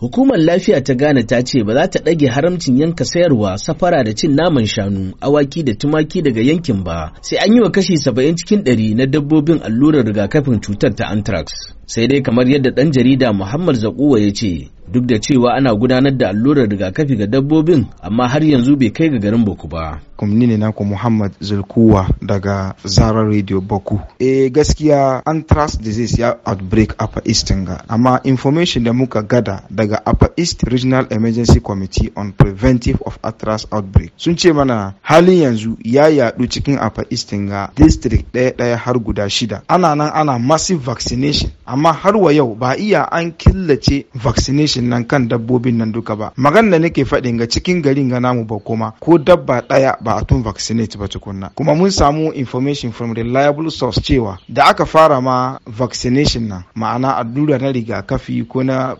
Hukumar lafiya ta Ghana ta ce ba za ta ɗage haramcin yanka sayarwa, safara da cin naman shanu, awaki da tumaki daga yankin ba, sai an yi wa kashi saba'in cikin ɗari na dabbobin allurar rigakafin cutar ta anthrax. Sai dai kamar yadda ɗan jarida Muhammad Zakuwa ya ce, duk da cewa ana gudanar da allurar rigakafi ga dabbobin amma har yanzu bai kai ga garin boku ba. Kumni ne naku Muhammad Zulkuwa daga Zara Radio Baku. Eh gaskiya anthrax disease ya outbreak Upper East ga amma information da muka gada daga Upper East Regional Emergency Committee on Preventive of anthrax Outbreak sun ce mana halin yanzu ya yadu cikin Upper East ga district ɗaya ɗaya har guda shida. Ana nan ana massive vaccination amma har wa yau ba iya an killace vaccination hukuncin nan kan dabbobin nan duka ba magan da nake faɗin ga cikin garin ga namu ba kuma ko dabba ɗaya ba a tun vaccinate ba tukunna kuma mun samu information from reliable source cewa da aka fara ma vaccination nan ma'ana allura na rigakafi ko na,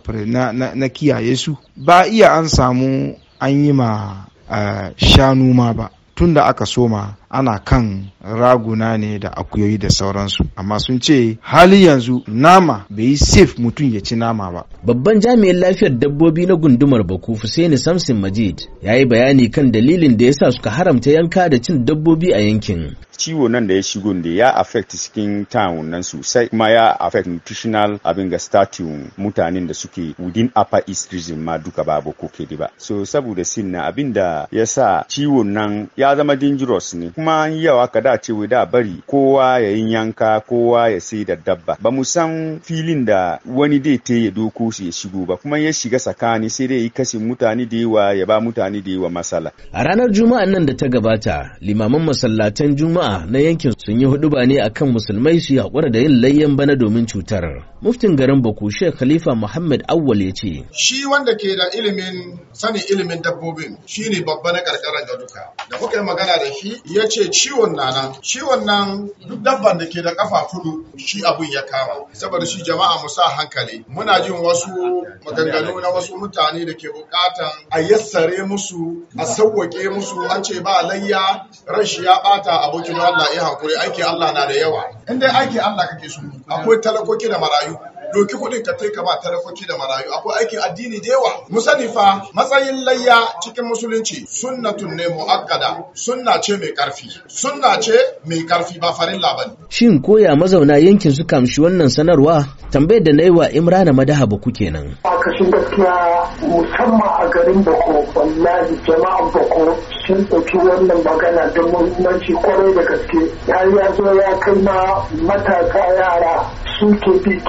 na, kiyaye su ba iya an samu an yi ma eh, shanu ma ba tun da aka soma ana kan raguna ne da akuyoyi da sauransu amma sun ce hali yanzu nama bai yi safe mutum ya ci nama ba babban jami'in lafiyar dabbobi na gundumar baku Fusaini Samson Majid ya yi bayani kan dalilin da ya sa suka haramta yanka da cin dabbobi a yankin ciwo nan da ya shigo da ya affect cikin town nan sosai kuma ya affect nutritional abin ga statin mutanen da suke within upper east region ma duka ba boko ke ba so saboda sin na abin da ya sa ciwon nan ya zama dangerous ne kuma yawa ka da ce da bari kowa ya yi yanka kowa ya sai da dabba ba mu san filin da wani dai ta ya doko shi ya shigo ba kuma ya shiga tsakani sai dai yi kashi mutane da yawa ya ba mutane da yawa masala a ranar juma'a nan da ta gabata limaman masallatan juma'a na yankin sun yi hudu ba ne akan musulmai su haƙura da yin layyan bana domin cutar muftin garin baku shek khalifa muhammad awwal ya ce shi wanda ke da ilimin sanin ilimin dabbobin shine babba na ga duka da kuka yi magana da shi ya Yace ce ciwon na nan ciwon nan duk dabban da ke da kafa tudu shi abun ya kama saboda shi jama'a mu sa hankali muna jin wasu maganganu na wasu mutane da ke bukatan a yassare musu a sauwake musu an ce ba layya rashi ya bata abokin Allah ya hakuri aiki Allah na da yawa in dai aiki Allah kake so akwai talakoki da marayu doki kuɗin ka kai ba talakoki da marayu akwai aikin addini da yawa mu fa matsayin layya cikin musulunci sunnatun ne muakkada sunna ce mai karfi sunna ce mai karfi ba farin labari shin koya mazauna yankin su kamshi wannan sanarwa tambayar da na wa imrana madaha baku kenan kashin gaskiya musamman a garin bako wallahi jama'an bako sun ɗauki wannan magana da muhimmanci kwarai da gaske har ya zo ya kai ma matasa yara sun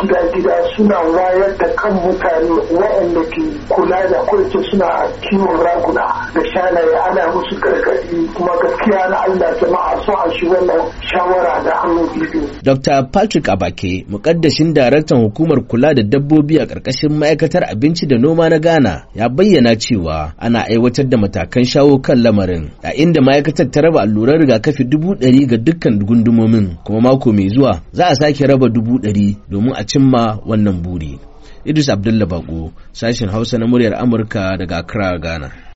gida-gida suna wayar da kan mutane waɗanda ke kula da kurce suna kiwon raguna da shanaye ana musu gargaɗi kuma gaskiya na Allah jama'a so a shi wannan shawara da hannun bidiyo. Dr. Patrick Abake, mukaddashin daraktan hukumar kula da dabbobi a ƙarƙashin ma'aikatar abinci da noma na Ghana, ya bayyana cewa ana aiwatar da matakan shawo kan lamarin, a inda ma'aikatar ta raba allurar rigakafi dubu ɗari ga dukkan gundumomin, kuma mako mai zuwa za a sake raba dubu ɗari domin a cimma wannan buri. Idris Abdullah Bako, sashen Hausa na muryar Amurka daga Accra, Ghana.